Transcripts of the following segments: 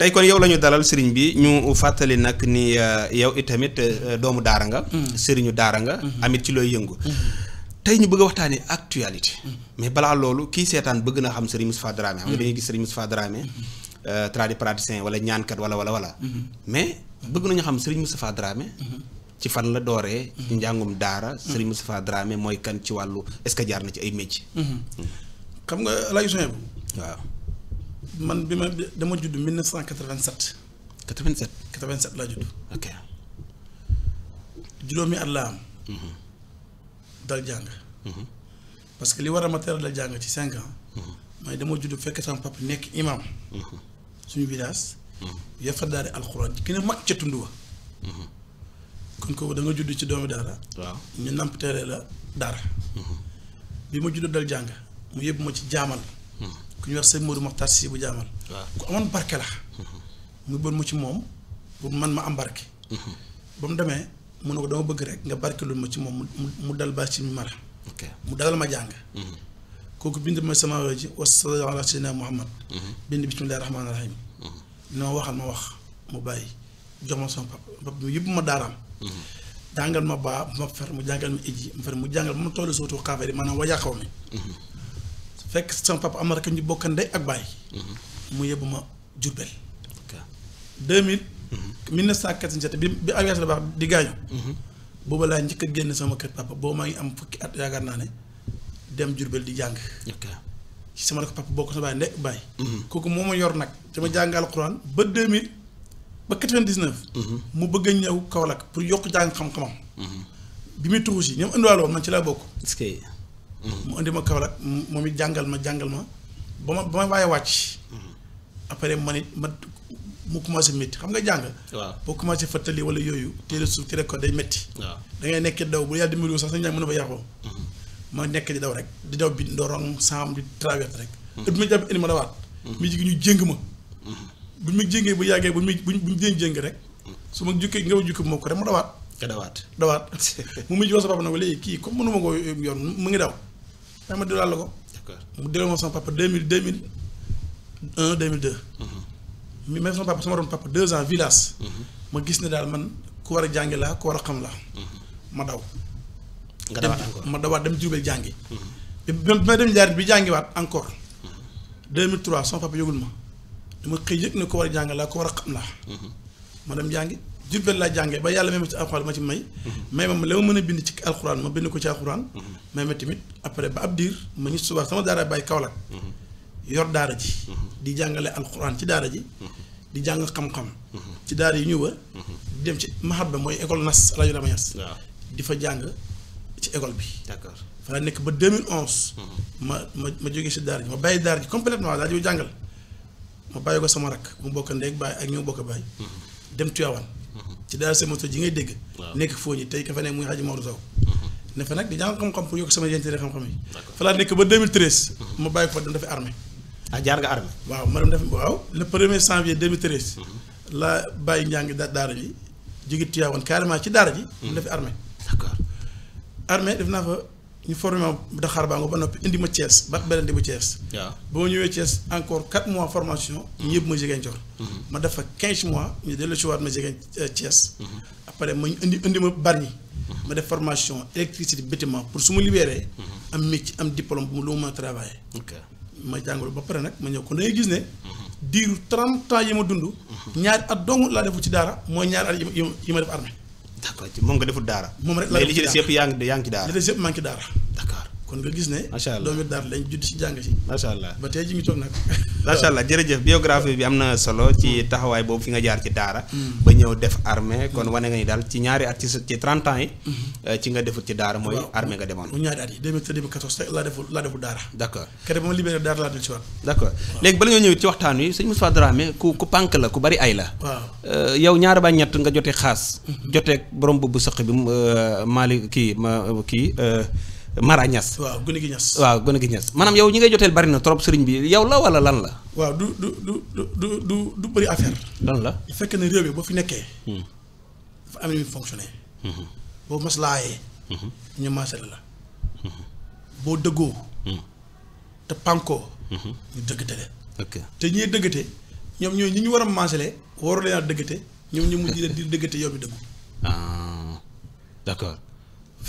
tey kon yow la ñu dalal sëriñ bi ñu fàttali nag ni euh, yow itamit euh, doomu daara nga. Mm. sëriñu daara nga. Mm-hmm. amit ci looy yëngu. Mm-hmm. tey ñu bëgg a waxtaanee actualité. Mm-hmm. mais balaa loolu kii seetaan bëgg na xam sëriñ Moustapha Dramé. xam nga dañuy gis sëriñ Moustapha Dramé. Euh, tradipraticien wala ñaankat wala wala wala. mais bëgg nañu xam sëriñ Moustapha ci fan la dooree. njàngum daara. sëriñ Moustapha Dramé mooy kan ci wàllu est-ce que jaar na ci ay métier. Mm. xam nga lay waaw. man bi ma dama judd 1987. 87 87 laa judd. ok juróomi at laa am. Mhm. dal jàng. Mhm. parce que li war a ma teel dal jàng ci cinq ans. Mhm. mooy dama judd fekk sama papa nekk imam. suñu village. ya fa daari alxuraan ki ne mag ca tund wa. kon kooku da nga ci doomi daara. waaw ñu namp teere la daara. bi ma judd dal jàng mu yëpp ma ci jaamal. ku ñuy wax sëñ Modou ma si bu jaamal ku amoon barke la muy bon mu ci moom pour man ma am barke ba mu demee mu ne ko dama bëgg rek nga barkelul ma ci moom mu dal ba ci mi mu dalal ma jàng mhm. kooku bind ma sama ji wassalaamu ala sayyidina Muhammad mhm. bind bismillahi rahmaani rahim ne mhm. ma waxal ma wax mu bàyyi jox ma sama papa papa mu yëpp ma daaraam jàngal ma baa ma fer mu jàngal ma ijji mu fer mu jàngal ma ma tollu sootu xaafari man wajaa xaw mi fekk sama papa am na rek ñu bokk ndey ak baay. Mhm. mu yóbbu ma Jurbel. deux mille. Mhm. mille neuf cent quatre-vingt-sept bi bi aviation baax di gaañu. Mhm. boobu laa njëkk a génn sama kër papa booba maa ngi am fukki at yaakaar naa ne dem Jurbel di jàng. ci sama rek papa bokk na baay ndey ak kooku moo ma yor nag ma jàngal Alxuraan ba deux mille ba quatre-vingt-dix-neuf. mu bëgg a ñëw Kaolack pour yokk jàng xam-xamam. bi muy tuxu si ñoom indiwaale man ci laa bokk. mu indi ma Kaolack moom it jàngal ma jàngal ma ba ma ba ma waaye wàcc. Mm-hmm. après man it ma mu commencé métti xam nga jàng. waaw boo commencé fàttali wala yooyu teel a suuf teel a ko day metti waaw da ngay daw bu yàlla dimbaliwoo sax sa njàng mën na fa yàqoo. Mm-hmm. ma nekk di daw rek di daw bi ndorong saam di traverse rek. bi mm-hmm. ma jàpp indi ma dawaat. mi jigi ñu jéng ma. bu ma jéngee bu yàggee bu buñ buñ jéng jéng rek. su ma jukkee nga jukki moo ko ma dawaat. dawaat dawaat mu mujj wax sa papa nag léegi kii ko yoon mu ngi daw. ma di laal la ko. d'accord mu delloo ma sama papa deux mille deux mille deux mille deux. mi mhm. même sama deux ans mhm. ma gis ne daal man ku a jàngi laa a xam laa. Mhm. ma daw. nga dawaat encore ma dawaat dem Diourbel jàngi. bi bi ma dem jaar bi jàngiwaat encore. 2003 sama papa yëgul ma dama xëy yëg ne ko war a jàng laa ko war a xam laa. ma dem jàngi. Jurbel laa jànge ba yàlla may ma ci alxuraan ma ci may. may ma a bind ci alxuraan ma bind ko ci alxuraan. may ma tamit après ba ab diir ma ñu suba sama daara bàyyi Kaolack. yor daara ji. di jàngale alxuraan ci daara ji. di jàng xam ci daara yi ñu wër. di dem ci Mahab mooy école nas rajo Dama Niass. di fa jàng ci école bi. d'accord fa la nekk ba 2011. ma ma ma jógee si daara ji ma bàyyi daara ji complètement daal di jàngal ma bàyyi ko sama rakk mu bokk ndéeg bàyyi ak ñoo bokk bàyyi. dem Tivaouane. ci daal sa moto ji ngay dégg. nekk foo ñi tey ka fa muy Hadj Mor Sow. Mm-hmm. ne fa nag di jàng xam-xam pour yokk sama yenteel xam-xam yi. fa laa nekk ba mm-hmm. ma bàyyi ko fa dem dafa armée. Ah, jaar nga armée. waaw ma dem def waaw le premier janvier 2013. Mm-hmm. laa bàyyi njàng da daara ji jóge Tivaouane carrément ci daara ji. mu def armée. d'accord def naa fa. ñu formé ma Dakar ba noppi indi ma Thiès ba beneen di bu Thiès. waaw ba ma ñëwee mois formation. ñu yëpp ma mm-hmm. ma def fa 15 mois ñu dellusiwaat ma Ziguin euh, Thiès. Mm-hmm. après ma indi indi ma Bargny. Mm-hmm. ma def formation électricité bâtiment pour su ma libéré. am métier am diplôme bu lu ma mën a ma jàngalu ba pare nag ma ñëw kon da gis ne. diiru 30 ans yi ma dund. ñaari at dong laa defu ci daara mooy ñaari at yi ma yi ma def armée. d'accord moom nga deful daara. moom rek laa def ci yëpp yaa daara. li ci yëpp maa daara. kon nga gis ne. macha allah doomi daara si jàng si. macha allah ba tey ji ngi toog nag. macha allah jërëjëf biographie bi am na solo ci hmm. taxawaay boobu fi nga jaar ci daara. Hmm. ba ñëw def armée hmm. kon wane nga ni daal ci ñaari at ci ci 30 ans yi. Euh, ci nga defut ci daara mooy. armée nga demoon mu ñaari at yi 2013 2014 rek laa deful laa deful daara. d' accord keroog ba ma libéré daara laa dul si waat. d' accord léegi bala ñoo ñëw ci waxtaan wi sëñ Moustapha Dramé ku ku pànk la ku bari ay la. Euh, yow ñaar ba ñett nga jotee xaas. jotee borom euh, kii ma kii. Mara Niass. waaw gone gi Niass. waaw gone gi Niass maanaam yow ñi ngay joteel bari na trop sëriñ bi yow la wala lan la. waaw du du du du du du bëri affaire. lan la ñu fekkee ne réew bi boo fi nekkee. Hmm. dafa am lu muy hmm. boo maslaayee. Hmm. ñu maasale la. boo dëggoo. te pànkoo. ñu dëggate leen. te ñiy dëggate ñoom ñooy ñi ñu war a maasale waru leen a dëggate ñoom ñu mujj leen di dëggate yow bi dëggu. Ah, d'accord.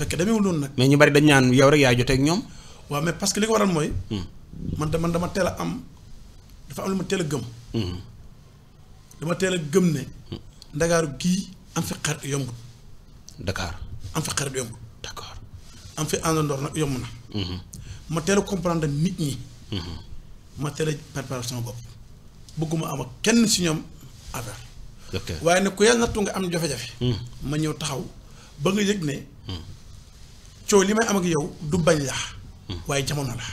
fekk demeewul noonu nag. ñu bari dañ ñaan yow rek yaay jotee ñoom. waaw mais parce que li ko waral hmm. man da man dama teel am dafa am ma teel a gëm. Hmm. teel a gëm ne. ndagaaru gii am fi xarit yomb. Dakar am am fi àndandoor nag yomb na. Hmm. ma teel a comprendre nit ñi. ma teel a bopp. bëgguma am kenn si ñoom affaire. ok waaye nag ku yàlla nattu nga am jafe-jafe. ma ñëw taxaw ba nga yëg ne. coow li may am ak yow du bañ la waaye jamono la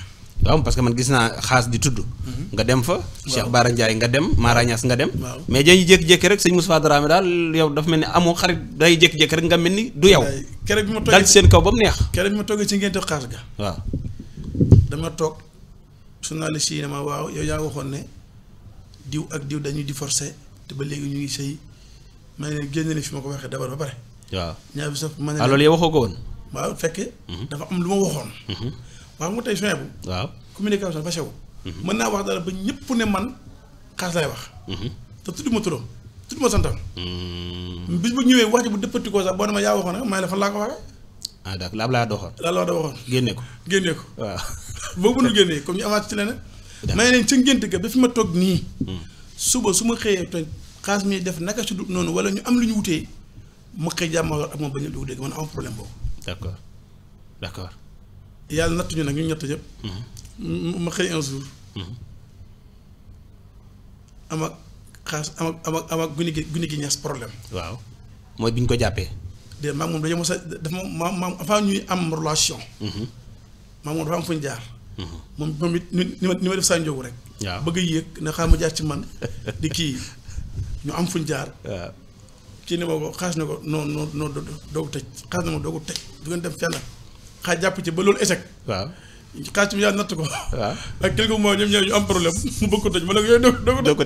waaw parce que man gis naa xaas di tudd mhm. nga dem fa Cheikh Bara Ndiaye nga dem Mara Niass nga dem mais dañuy jékki-jékki rek sañ sëñ Moussa Dramé daal yow dafa mel ni amoo xarit day jékki-jékki nga mel ni du yow kere bi ma toogee daal seen kaw ba mu neex kere ma toogee ci ngénte xaas ga waaw dama toog journaliste yi ne ma waaw yow yaa waxoon ne diw ak diw dañuy di forcé te ba léegi ñu ngi sëy ma ne génn ne fi ma ko waxee d'abord ba pare waaw ñaar bi sax ma ne ah, loolu yow waxoo ko woon waaw fekke mhm. dafa am lu ma waxoon. Mhm. waaw mu tey soin bu. waaw communication dafa sew. Mhm. mën naa wax dara ba ñëpp ne man xaas lay wax. te tudd ma turam tudd ma santam. bis bu ñëwee wax bu dëppati sax boo demee yaa waxoon rek may la laa ko waxee. ah d'accord la laa doxoon. ko. génne ko waaw. boo mënul génnee comme ñu avancé ci leneen. may leen ca ngénte ga ba fi ma toog nii. suba su ma xëyee te xaas mi def naka si du noonu wala ñu am lu ñu wutee ma xëy jàmm ak ma bañ a dugg dégg man am problème boobu. d' accord d' accord. yàlla nattuñu nag ñu ñett ñëpp. Mhm. ma xëy un jour. Mhm. am ak xaas am ak am ak am ak guni gi guni gi ñaas problème. waaw mooy bi ñu ko jàppee. de maam moom dañoo a dafa avant ñuy am relation. Mhm. maam moom dafa am fu ñu jaar. moom moom it ni ma ni ma def saa rek. waaw bëgg a yéeg na xaar ma jaar ci man di kii ñu am fu ñu jaar. kii ne boobu xaas na ko non non non doogu tëj xaas na ma doogu tëj du ngeen dem fenn xaaj jàpp ci ba loolu échec. waaw xaas bi yaa natt ko. waaw ak quelques mois ñoom ñooy ñu am problème mu bëgg ko tëj ma ne ko yooyu doo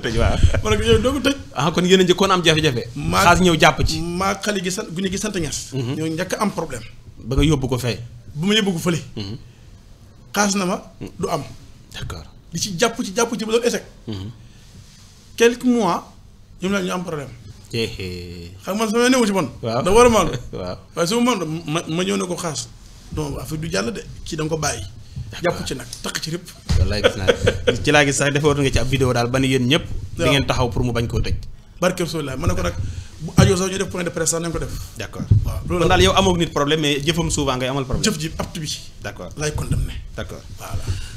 kon yéen a am jafe-jafe. maa xaas ñëw jàpp ci. maa xale gi sant guñu gi sant ñaas. Mhm. ñoo njëkk am problème. ba nga yóbbu ko fay. ba ma yóbbu ko fële. Mhm. xaas na ma mhm. du am. d'accord di ci jàpp ci jàpp ci ba loolu échec. quelques mois ñoom ñoo ñu am problème. xam man sama néew ci man. waaw da war a man. waaw waaye su ma man ma ma ñëw ne ko xaas. non affaire du jàll de kii da nga ko bàyyi. jàpp ci nag takk ci rëpp. wallaay gis naa ci laa gis sax defoon nga ci ab vidéo daal ba ni yéen ñëpp. di ngeen taxaw pour mu bañ koo tëj. barke Rasulullah ma ne ko nag bu ajoo sax ñu def point de presse sax nañ ko def. d' accord waaw loolu daal yow amoog nit problème mais jëfam souvent ngay amal problème. jëf ji apte bi. d'